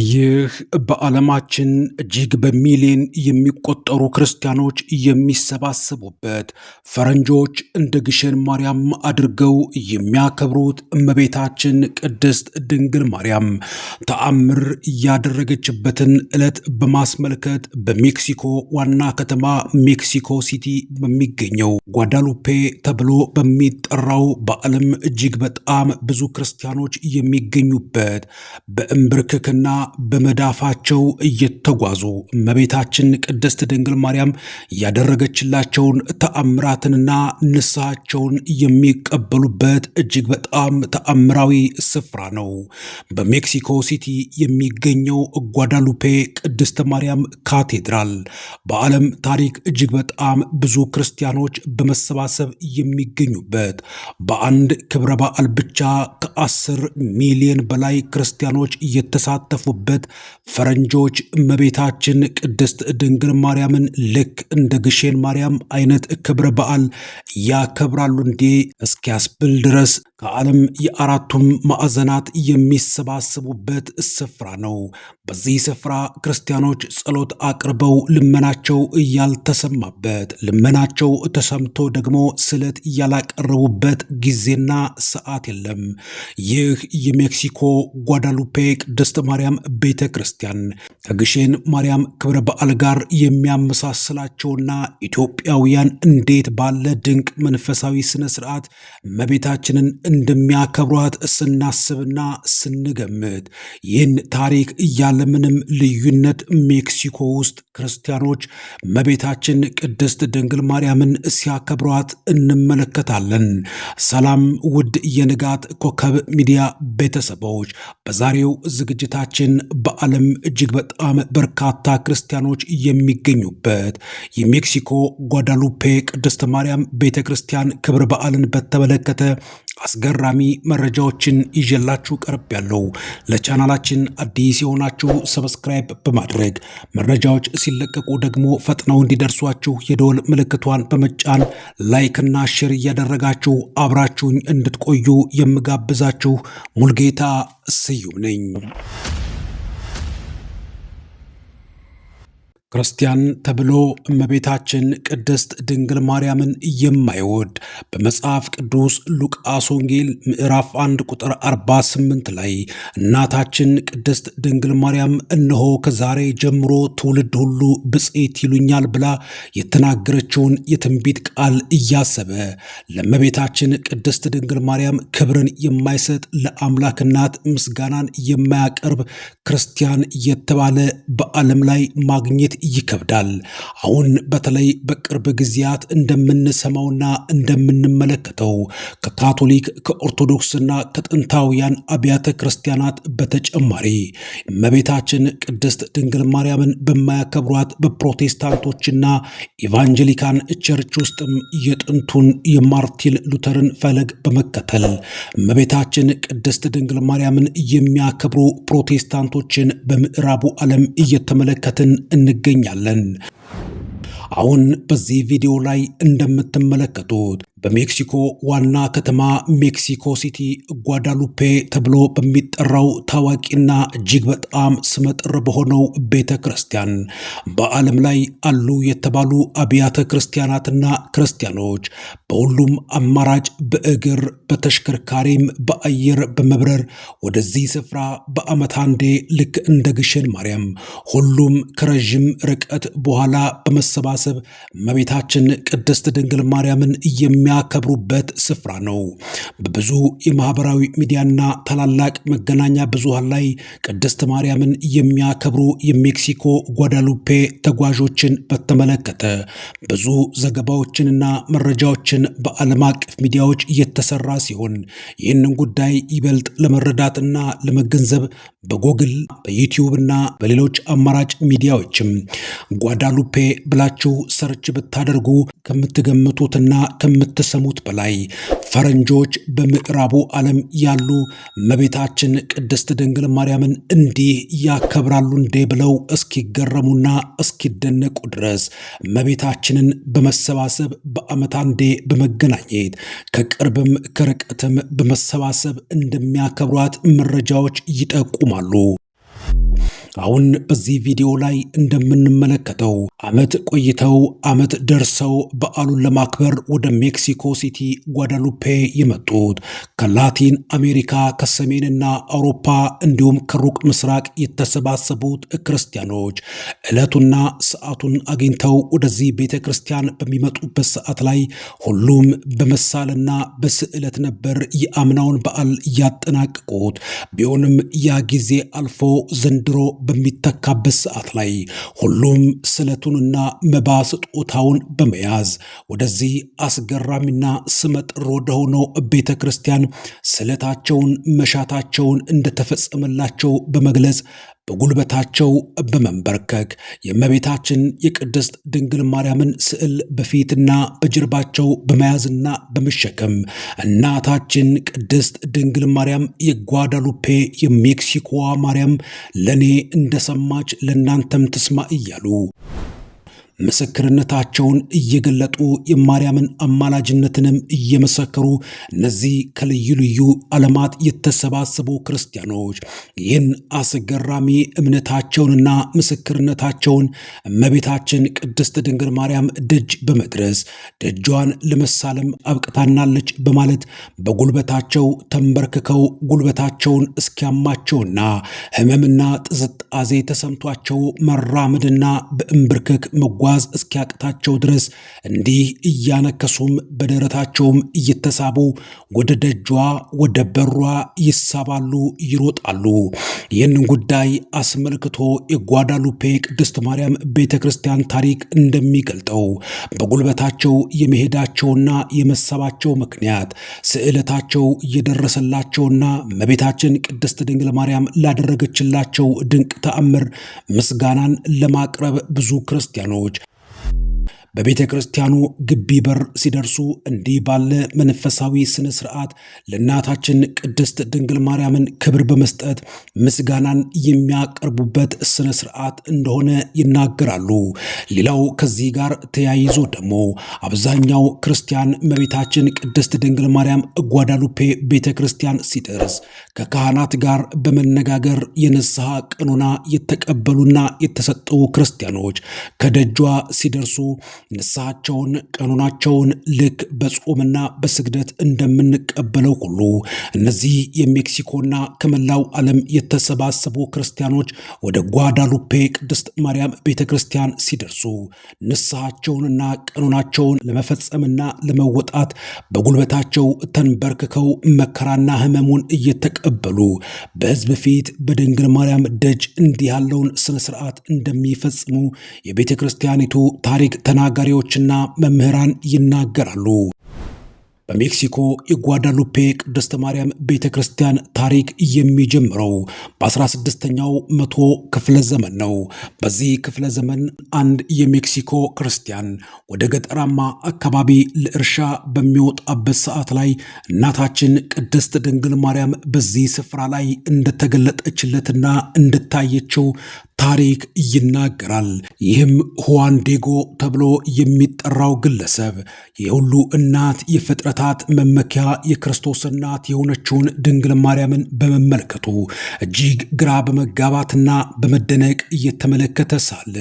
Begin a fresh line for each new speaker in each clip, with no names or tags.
ይህ በዓለማችን እጅግ በሚሊዮን የሚቆጠሩ ክርስቲያኖች የሚሰባሰቡበት ፈረንጆች እንደ ግሸን ማርያም አድርገው የሚያከብሩት እመቤታችን ቅድስት ድንግል ማርያም ተአምር ያደረገችበትን ዕለት በማስመልከት በሜክሲኮ ዋና ከተማ ሜክሲኮ ሲቲ በሚገኘው ጓዳሉፔ ተብሎ በሚጠራው በዓለም እጅግ በጣም ብዙ ክርስቲያኖች የሚገኙበት በእምብርክክና በመዳፋቸው እየተጓዙ እመቤታችን ቅድስት ድንግል ማርያም ያደረገችላቸውን ተአምራትንና ንስሐቸውን የሚቀበሉበት እጅግ በጣም ተአምራዊ ስፍራ ነው። በሜክሲኮ ሲቲ የሚገኘው ጓዳሉፔ ቅድስተ ማርያም ካቴድራል በዓለም ታሪክ እጅግ በጣም ብዙ ክርስቲያኖች በመሰባሰብ የሚገኙበት በአንድ ክብረ በዓል ብቻ ከአስር ሚሊዮን በላይ ክርስቲያኖች እየተሳተፉ በገፉበት ፈረንጆች እመቤታችን ቅድስት ድንግል ማርያምን ልክ እንደ ግሼን ማርያም አይነት ክብረ በዓል ያከብራሉ እንዴ እስኪያስብል ድረስ ከዓለም የአራቱም ማዕዘናት የሚሰባሰቡበት ስፍራ ነው። በዚህ ስፍራ ክርስቲያኖች ጸሎት አቅርበው ልመናቸው ያልተሰማበት፣ ልመናቸው ተሰምቶ ደግሞ ስዕለት እያላቀረቡበት ጊዜና ሰዓት የለም። ይህ የሜክሲኮ ጓዳሉፔ ቅድስት ማርያም ቤተ ክርስቲያን ከግሼን ማርያም ክብረ በዓል ጋር የሚያመሳስላቸውና ኢትዮጵያውያን እንዴት ባለ ድንቅ መንፈሳዊ ስነ ስርዓት እመቤታችንን እንደሚያከብሯት ስናስብና ስንገምት ይህን ታሪክ ያለምንም ልዩነት ሜክሲኮ ውስጥ ክርስቲያኖች እመቤታችን ቅድስት ድንግል ማርያምን ሲያከብሯት እንመለከታለን። ሰላም ውድ የንጋት ኮከብ ሚዲያ ቤተሰቦች፣ በዛሬው ዝግጅታችን ግን በዓለም እጅግ በጣም በርካታ ክርስቲያኖች የሚገኙበት የሜክሲኮ ጓዳሉፔ ቅድስተ ማርያም ቤተ ክርስቲያን ክብረ በዓልን በተመለከተ አስገራሚ መረጃዎችን ይዤላችሁ ቀርብ ያለው ለቻናላችን አዲስ የሆናችሁ ሰብስክራይብ በማድረግ መረጃዎች ሲለቀቁ ደግሞ ፈጥነው እንዲደርሷችሁ የደወል ምልክቷን በመጫን ላይክና ሼር እያደረጋችሁ አብራችሁኝ እንድትቆዩ የምጋብዛችሁ ሙልጌታ ስዩም ነኝ። ክርስቲያን ተብሎ እመቤታችን ቅድስት ድንግል ማርያምን የማይወድ በመጽሐፍ ቅዱስ ሉቃስ ወንጌል ምዕራፍ 1 ቁጥር 48 ላይ እናታችን ቅድስት ድንግል ማርያም እነሆ ከዛሬ ጀምሮ ትውልድ ሁሉ ብፅዕት ይሉኛል ብላ የተናገረችውን የትንቢት ቃል እያሰበ ለእመቤታችን ቅድስት ድንግል ማርያም ክብርን የማይሰጥ ለአምላክ እናት ምስጋናን የማያቀርብ ክርስቲያን የተባለ በዓለም ላይ ማግኘት ይከብዳል። አሁን በተለይ በቅርብ ጊዜያት እንደምንሰማውና እንደምንመለከተው ከካቶሊክ ከኦርቶዶክስና ከጥንታውያን አብያተ ክርስቲያናት በተጨማሪ እመቤታችን ቅድስት ድንግል ማርያምን በማያከብሯት በፕሮቴስታንቶችና ኢቫንጀሊካን ቸርች ውስጥም የጥንቱን የማርቲን ሉተርን ፈለግ በመከተል እመቤታችን ቅድስት ድንግል ማርያምን የሚያከብሩ ፕሮቴስታንቶችን በምዕራቡ ዓለም እየተመለከትን እንገ እንገኛለን። አሁን በዚህ ቪዲዮ ላይ እንደምትመለከቱት በሜክሲኮ ዋና ከተማ ሜክሲኮ ሲቲ ጓዳሉፔ ተብሎ በሚጠራው ታዋቂና እጅግ በጣም ስመጥር በሆነው ቤተ ክርስቲያን በዓለም ላይ አሉ የተባሉ አብያተ ክርስቲያናትና ክርስቲያኖች በሁሉም አማራጭ በእግር በተሽከርካሪም በአየር በመብረር ወደዚህ ስፍራ በዓመት አንዴ ልክ እንደ ግሸን ማርያም ሁሉም ከረዥም ርቀት በኋላ በመሰባሰብ እመቤታችን ቅድስት ድንግል ማርያምን የሚያ የሚያከብሩበት ስፍራ ነው። በብዙ የማህበራዊ ሚዲያና ታላላቅ መገናኛ ብዙሃን ላይ ቅድስት ማርያምን የሚያከብሩ የሜክሲኮ ጓዳሉፔ ተጓዦችን በተመለከተ ብዙ ዘገባዎችንና መረጃዎችን በዓለም አቀፍ ሚዲያዎች እየተሰራ ሲሆን ይህንን ጉዳይ ይበልጥ ለመረዳትና ለመገንዘብ በጎግል እና በሌሎች አማራጭ ሚዲያዎችም ጓዳሉፔ ብላችሁ ሰርች ብታደርጉ ከምትገምቱትና ከምት ከምትሰሙት በላይ ፈረንጆች በምዕራቡ ዓለም ያሉ እመቤታችን ቅድስት ድንግል ማርያምን እንዲህ ያከብራሉ እንዴ ብለው እስኪገረሙና እስኪደነቁ ድረስ እመቤታችንን በመሰባሰብ በዓመት አንዴ በመገናኘት ከቅርብም ከርቀትም በመሰባሰብ እንደሚያከብሯት መረጃዎች ይጠቁማሉ። አሁን በዚህ ቪዲዮ ላይ እንደምንመለከተው ዓመት ቆይተው ዓመት ደርሰው በዓሉን ለማክበር ወደ ሜክሲኮ ሲቲ ጓዳሉፔ የመጡት ከላቲን አሜሪካ ከሰሜንና አውሮፓ እንዲሁም ከሩቅ ምስራቅ የተሰባሰቡት ክርስቲያኖች ዕለቱና ሰዓቱን አግኝተው ወደዚህ ቤተ ክርስቲያን በሚመጡበት ሰዓት ላይ ሁሉም በመሳልና በስዕለት ነበር የአምናውን በዓል እያጠናቀቁት ቢሆንም ያ ጊዜ አልፎ ዘንድሮ በሚተካበት ሰዓት ላይ ሁሉም ስለቱንና መባ ስጦታውን በመያዝ ወደዚህ አስገራሚና ስመጥር ወደሆነው ቤተ ክርስቲያን ስለታቸውን መሻታቸውን እንደተፈጸመላቸው በመግለጽ በጉልበታቸው በመንበርከክ የእመቤታችን የቅድስት ድንግል ማርያምን ስዕል በፊትና በጀርባቸው በመያዝና በመሸከም እናታችን ቅድስት ድንግል ማርያም የጓዳሉፔ የሜክሲኮዋ ማርያም ለእኔ እንደሰማች ለእናንተም ትስማ እያሉ ምስክርነታቸውን እየገለጡ የማርያምን አማላጅነትንም እየመሰከሩ እነዚህ ከልዩ ልዩ ዓለማት የተሰባሰቡ ክርስቲያኖች ይህን አስገራሚ እምነታቸውንና ምስክርነታቸውን እመቤታችን ቅድስት ድንግል ማርያም ደጅ በመድረስ ደጇን ለመሳለም አብቅታናለች በማለት በጉልበታቸው ተንበርክከው ጉልበታቸውን እስኪያማቸውና ህመምና ጥዝጣዜ ተሰምቷቸው መራመድና በእንብርክክ መጓ መጓዝ እስኪያቅታቸው ድረስ እንዲህ እያነከሱም በደረታቸውም እየተሳቡ ወደ ደጇ ወደ በሯ ይሳባሉ፣ ይሮጣሉ። ይህንን ጉዳይ አስመልክቶ የጓዳሉፔ ቅድስት ማርያም ቤተ ክርስቲያን ታሪክ እንደሚገልጠው በጉልበታቸው የመሄዳቸውና የመሳባቸው ምክንያት ስዕለታቸው እየደረሰላቸውና መቤታችን ቅድስት ድንግል ማርያም ላደረገችላቸው ድንቅ ተአምር ምስጋናን ለማቅረብ ብዙ ክርስቲያኖች በቤተ ክርስቲያኑ ግቢ በር ሲደርሱ እንዲህ ባለ መንፈሳዊ ስነ ስርዓት ለእናታችን ቅድስት ድንግል ማርያምን ክብር በመስጠት ምስጋናን የሚያቀርቡበት ስነ ስርዓት እንደሆነ ይናገራሉ። ሌላው ከዚህ ጋር ተያይዞ ደግሞ አብዛኛው ክርስቲያን መቤታችን ቅድስት ድንግል ማርያም ጓዳሉፔ ቤተ ክርስቲያን ሲደርስ ከካህናት ጋር በመነጋገር የንስሐ ቀኖና የተቀበሉና የተሰጡ ክርስቲያኖች ከደጇ ሲደርሱ ንስሐቸውን ቀኖናቸውን ልክ በጾምና በስግደት እንደምንቀበለው ሁሉ እነዚህ የሜክሲኮና ከመላው ዓለም የተሰባሰቡ ክርስቲያኖች ወደ ጓዳሉፔ ቅድስት ማርያም ቤተ ክርስቲያን ሲደርሱ ንስሐቸውንና ቀኖናቸውን ለመፈጸምና ለመወጣት በጉልበታቸው ተንበርክከው መከራና ሕመሙን እየተቀበሉ በሕዝብ ፊት በድንግል ማርያም ደጅ እንዲህ ያለውን ስነ ስርዓት እንደሚፈጽሙ የቤተ ክርስቲያኒቱ ታሪክ ተናጋ ተናጋሪዎችና መምህራን ይናገራሉ። በሜክሲኮ የጓዳሉፔ ቅድስተ ማርያም ቤተ ክርስቲያን ታሪክ የሚጀምረው በ16ኛው መቶ ክፍለ ዘመን ነው። በዚህ ክፍለ ዘመን አንድ የሜክሲኮ ክርስቲያን ወደ ገጠራማ አካባቢ ለእርሻ በሚወጣበት ሰዓት ላይ እናታችን ቅድስት ድንግል ማርያም በዚህ ስፍራ ላይ እንደተገለጠችለትና እንደታየችው ታሪክ ይናገራል። ይህም ሁዋን ዴጎ ተብሎ የሚጠራው ግለሰብ የሁሉ እናት የፍጥረታት መመኪያ የክርስቶስ እናት የሆነችውን ድንግል ማርያምን በመመልከቱ እጅግ ግራ በመጋባትና በመደነቅ እየተመለከተ ሳለ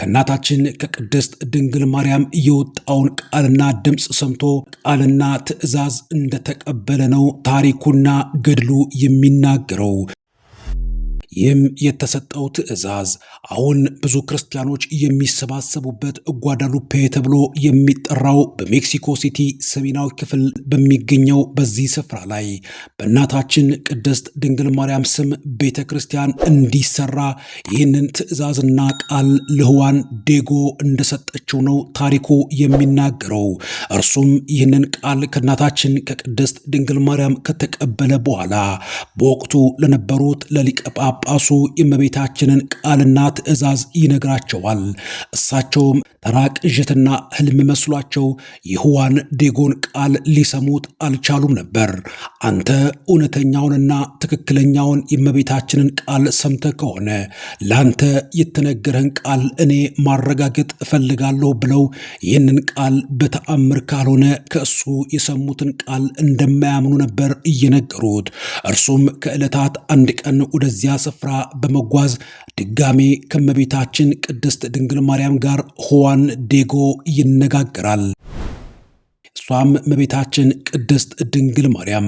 ከእናታችን ከቅድስት ድንግል ማርያም የወጣውን ቃልና ድምፅ ሰምቶ ቃልና ትእዛዝ እንደተቀበለ ነው ታሪኩና ገድሉ የሚናገረው። ይህም የተሰጠው ትዕዛዝ አሁን ብዙ ክርስቲያኖች የሚሰባሰቡበት ጓዳሉፔ ተብሎ የሚጠራው በሜክሲኮ ሲቲ ሰሜናዊ ክፍል በሚገኘው በዚህ ስፍራ ላይ በእናታችን ቅድስት ድንግል ማርያም ስም ቤተ ክርስቲያን እንዲሰራ ይህንን ትዕዛዝና ቃል ልህዋን ዴጎ እንደሰጠችው ነው ታሪኩ የሚናገረው። እርሱም ይህንን ቃል ከእናታችን ከቅድስት ድንግል ማርያም ከተቀበለ በኋላ በወቅቱ ለነበሩት ለሊቀ ጳጳሱ የእመቤታችንን ቃልና ትእዛዝ ይነግራቸዋል። እሳቸውም ተራ ቅዥትና ህልም መስሏቸው የሕዋን ዴጎን ቃል ሊሰሙት አልቻሉም ነበር። አንተ እውነተኛውንና ትክክለኛውን የእመቤታችንን ቃል ሰምተህ ከሆነ ለአንተ የተነገረህን ቃል እኔ ማረጋገጥ እፈልጋለሁ ብለው ይህንን ቃል በተአምር ካልሆነ ከእሱ የሰሙትን ቃል እንደማያምኑ ነበር እየነገሩት። እርሱም ከዕለታት አንድ ቀን ወደዚያ ስፍራ ስፍራ በመጓዝ ድጋሜ ከመቤታችን ቅድስት ድንግል ማርያም ጋር ሁዋን ዴጎ ይነጋገራል። እሷም እመቤታችን ቅድስት ድንግል ማርያም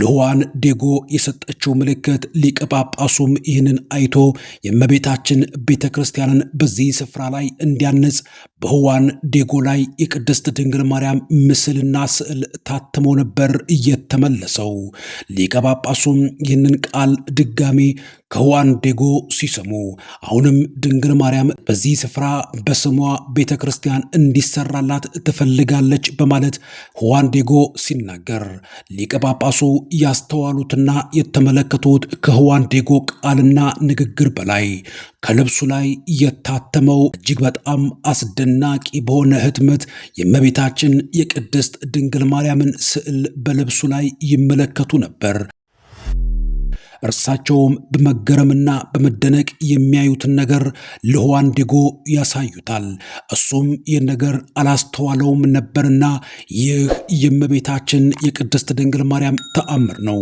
ለሁዋን ዴጎ የሰጠችው ምልክት ሊቀ ጳጳሱም ይህንን አይቶ የእመቤታችን ቤተ ክርስቲያንን በዚህ ስፍራ ላይ እንዲያነጽ በሁዋን ዴጎ ላይ የቅድስት ድንግል ማርያም ምስልና ስዕል ታትሞ ነበር እየተመለሰው። ሊቀ ጳጳሱም ይህንን ቃል ድጋሜ ከሁዋን ዴጎ ሲሰሙ አሁንም ድንግል ማርያም በዚህ ስፍራ በስሟ ቤተ ክርስቲያን እንዲሰራላት ትፈልጋለች በማለት ሁዋን ሲናገር ሊቀ ጳጳሱ ያስተዋሉትና የተመለከቱት ከሁዋን ቃልና ንግግር በላይ ከልብሱ ላይ የታተመው እጅግ በጣም አስደናቂ በሆነ ህትመት የእመቤታችን የቅድስት ድንግል ማርያምን ስዕል በልብሱ ላይ ይመለከቱ ነበር። እርሳቸውም በመገረምና በመደነቅ የሚያዩትን ነገር ለሁዋን ዴጎ ያሳዩታል። እሱም ይህን ነገር አላስተዋለውም ነበርና ይህ የእመቤታችን የቅድስት ድንግል ማርያም ተአምር ነው።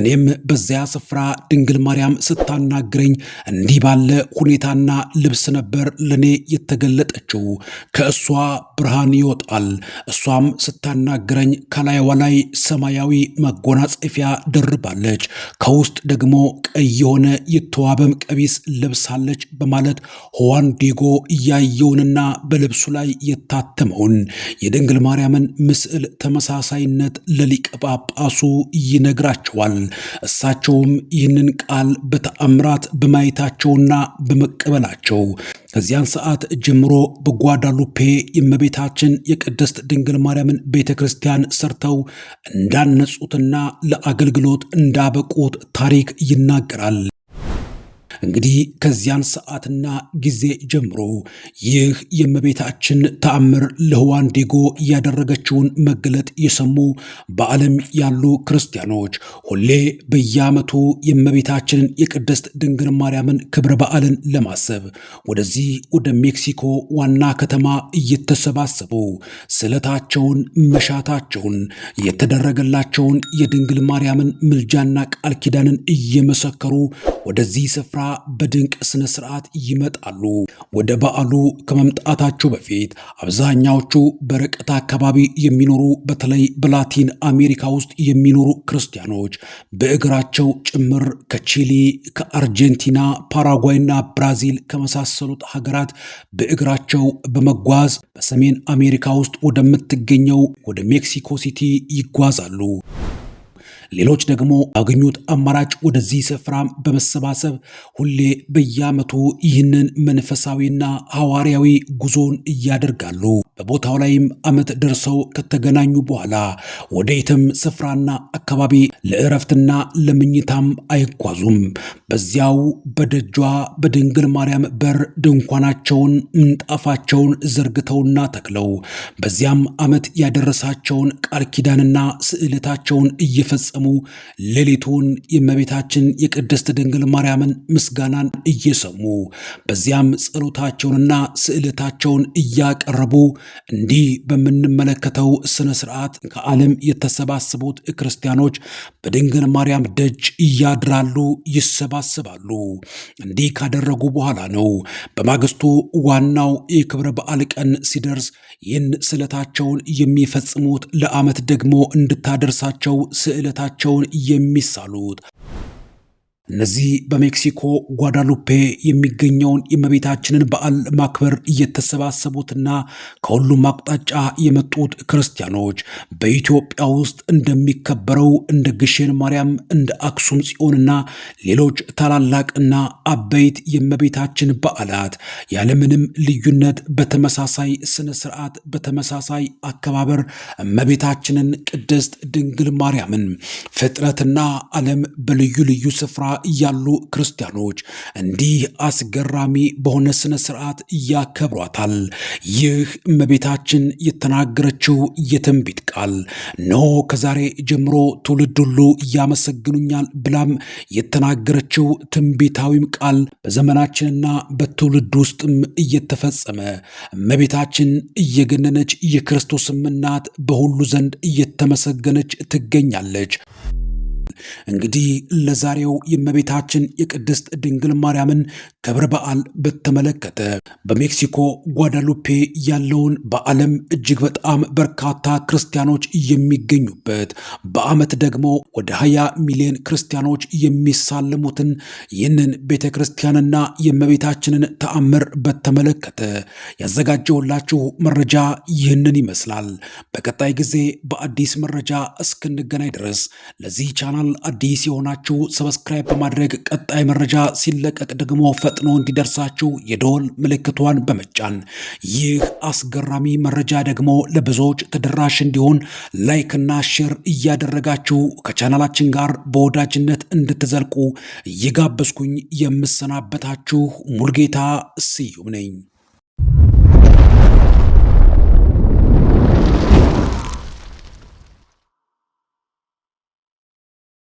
እኔም በዚያ ስፍራ ድንግል ማርያም ስታናግረኝ እንዲህ ባለ ሁኔታና ልብስ ነበር ለእኔ የተገለጠችው። ከእሷ ብርሃን ይወጣል። እሷም ስታናግረኝ ከላይዋ ላይ ሰማያዊ መጎናጸፊያ ደርባለች። ከውስጥ ደግሞ ቀይ የሆነ የተዋበም ቀሚስ ለብሳለች በማለት ሁዋን ዲጎ እያየውንና በልብሱ ላይ የታተመውን የድንግል ማርያምን ምስል ተመሳሳይነት ለሊቀ ጳጳሱ ይነግራቸዋል። እሳቸውም ይህንን ቃል በተአምራት በማየታቸውና በመቀበላቸው ከዚያን ሰዓት ጀምሮ በጓዳሉፔ የእመቤታችን የቅድስት ድንግል ማርያምን ቤተ ክርስቲያን ሰርተው እንዳነጹትና ለአገልግሎት እንዳበቁት ታሪክ ይናገራል። እንግዲህ ከዚያን ሰዓትና ጊዜ ጀምሮ ይህ የእመቤታችን ተአምር ለሁዋን ዴጎ ያደረገችውን መገለጥ የሰሙ በዓለም ያሉ ክርስቲያኖች ሁሌ በየዓመቱ የእመቤታችንን የቅድስት ድንግል ማርያምን ክብረ በዓልን ለማሰብ ወደዚህ ወደ ሜክሲኮ ዋና ከተማ እየተሰባሰቡ ስዕለታቸውን፣ መሻታቸውን፣ የተደረገላቸውን የድንግል ማርያምን ምልጃና ቃል ኪዳንን እየመሰከሩ ወደዚህ ስፍራ በድንቅ ስነ ስርዓት ይመጣሉ። ወደ በዓሉ ከመምጣታቸው በፊት አብዛኛዎቹ በርቀት አካባቢ የሚኖሩ በተለይ በላቲን አሜሪካ ውስጥ የሚኖሩ ክርስቲያኖች በእግራቸው ጭምር ከቺሊ፣ ከአርጀንቲና፣ ፓራጓይና ብራዚል ከመሳሰሉት ሀገራት በእግራቸው በመጓዝ በሰሜን አሜሪካ ውስጥ ወደምትገኘው ወደ ሜክሲኮ ሲቲ ይጓዛሉ። ሌሎች ደግሞ አገኙት አማራጭ ወደዚህ ስፍራ በመሰባሰብ ሁሌ በየዓመቱ ይህንን መንፈሳዊና ሐዋርያዊ ጉዞን እያደርጋሉ። በቦታው ላይም ዓመት ደርሰው ከተገናኙ በኋላ ወደየትም ስፍራና አካባቢ ለእረፍትና ለምኝታም አይጓዙም። በዚያው በደጇ በድንግል ማርያም በር ድንኳናቸውን ምንጣፋቸውን ዘርግተውና ተክለው በዚያም ዓመት ያደረሳቸውን ቃል ኪዳንና ስዕለታቸውን እየፈጸሙ እየተጠቀሙ ሌሊቱን የእመቤታችን የቅድስት ድንግል ማርያምን ምስጋናን እየሰሙ በዚያም ጸሎታቸውንና ስዕለታቸውን እያቀረቡ እንዲህ በምንመለከተው ስነ ስርዓት ከዓለም የተሰባሰቡት ክርስቲያኖች በድንግል ማርያም ደጅ እያድራሉ፣ ይሰባሰባሉ። እንዲህ ካደረጉ በኋላ ነው በማግስቱ ዋናው የክብረ በዓል ቀን ሲደርስ ይህን ስዕለታቸውን የሚፈጽሙት ለዓመት ደግሞ እንድታደርሳቸው ስዕለታቸው መሆናቸውን የሚሳሉት እነዚህ በሜክሲኮ ጓዳሉፔ የሚገኘውን የእመቤታችንን በዓል ማክበር እየተሰባሰቡትና ከሁሉም አቅጣጫ የመጡት ክርስቲያኖች በኢትዮጵያ ውስጥ እንደሚከበረው እንደ ግሼን ማርያም፣ እንደ አክሱም ጽዮንና ሌሎች ታላላቅና አበይት የእመቤታችን በዓላት ያለምንም ልዩነት በተመሳሳይ ስነ ስርዓት በተመሳሳይ አከባበር እመቤታችንን ቅድስት ድንግል ማርያምን ፍጥረትና ዓለም በልዩ ልዩ ስፍራ ያሉ ክርስቲያኖች እንዲህ አስገራሚ በሆነ ስነ ስርዓት ያከብሯታል። ይህ እመቤታችን የተናገረችው የትንቢት ቃል ኖ ከዛሬ ጀምሮ ትውልድ ሁሉ ያመሰግኑኛል ብላም የተናገረችው ትንቢታዊም ቃል በዘመናችንና በትውልድ ውስጥም እየተፈጸመ እመቤታችን እየገነነች የክርስቶስም እናት በሁሉ ዘንድ እየተመሰገነች ትገኛለች። እንግዲህ ለዛሬው የእመቤታችን የቅድስት ድንግል ማርያምን ክብረ በዓል በተመለከተ በሜክሲኮ ጓዳሉፔ ያለውን በዓለም እጅግ በጣም በርካታ ክርስቲያኖች የሚገኙበት በዓመት ደግሞ ወደ 20 ሚሊዮን ክርስቲያኖች የሚሳለሙትን ይህንን ቤተ ክርስቲያንና የእመቤታችንን ተአምር በተመለከተ ያዘጋጀውላችሁ መረጃ ይህንን ይመስላል። በቀጣይ ጊዜ በአዲስ መረጃ እስክንገናኝ ድረስ ለዚህ ቻናል ቻናል አዲስ የሆናችሁ ሰብስክራይብ በማድረግ ቀጣይ መረጃ ሲለቀቅ ደግሞ ፈጥኖ እንዲደርሳችሁ የደወል ምልክቷን በመጫን ይህ አስገራሚ መረጃ ደግሞ ለብዙዎች ተደራሽ እንዲሆን ላይክና ሼር እያደረጋችሁ ከቻናላችን ጋር በወዳጅነት እንድትዘልቁ እየጋበዝኩኝ የምሰናበታችሁ ሙልጌታ ስዩም ነኝ።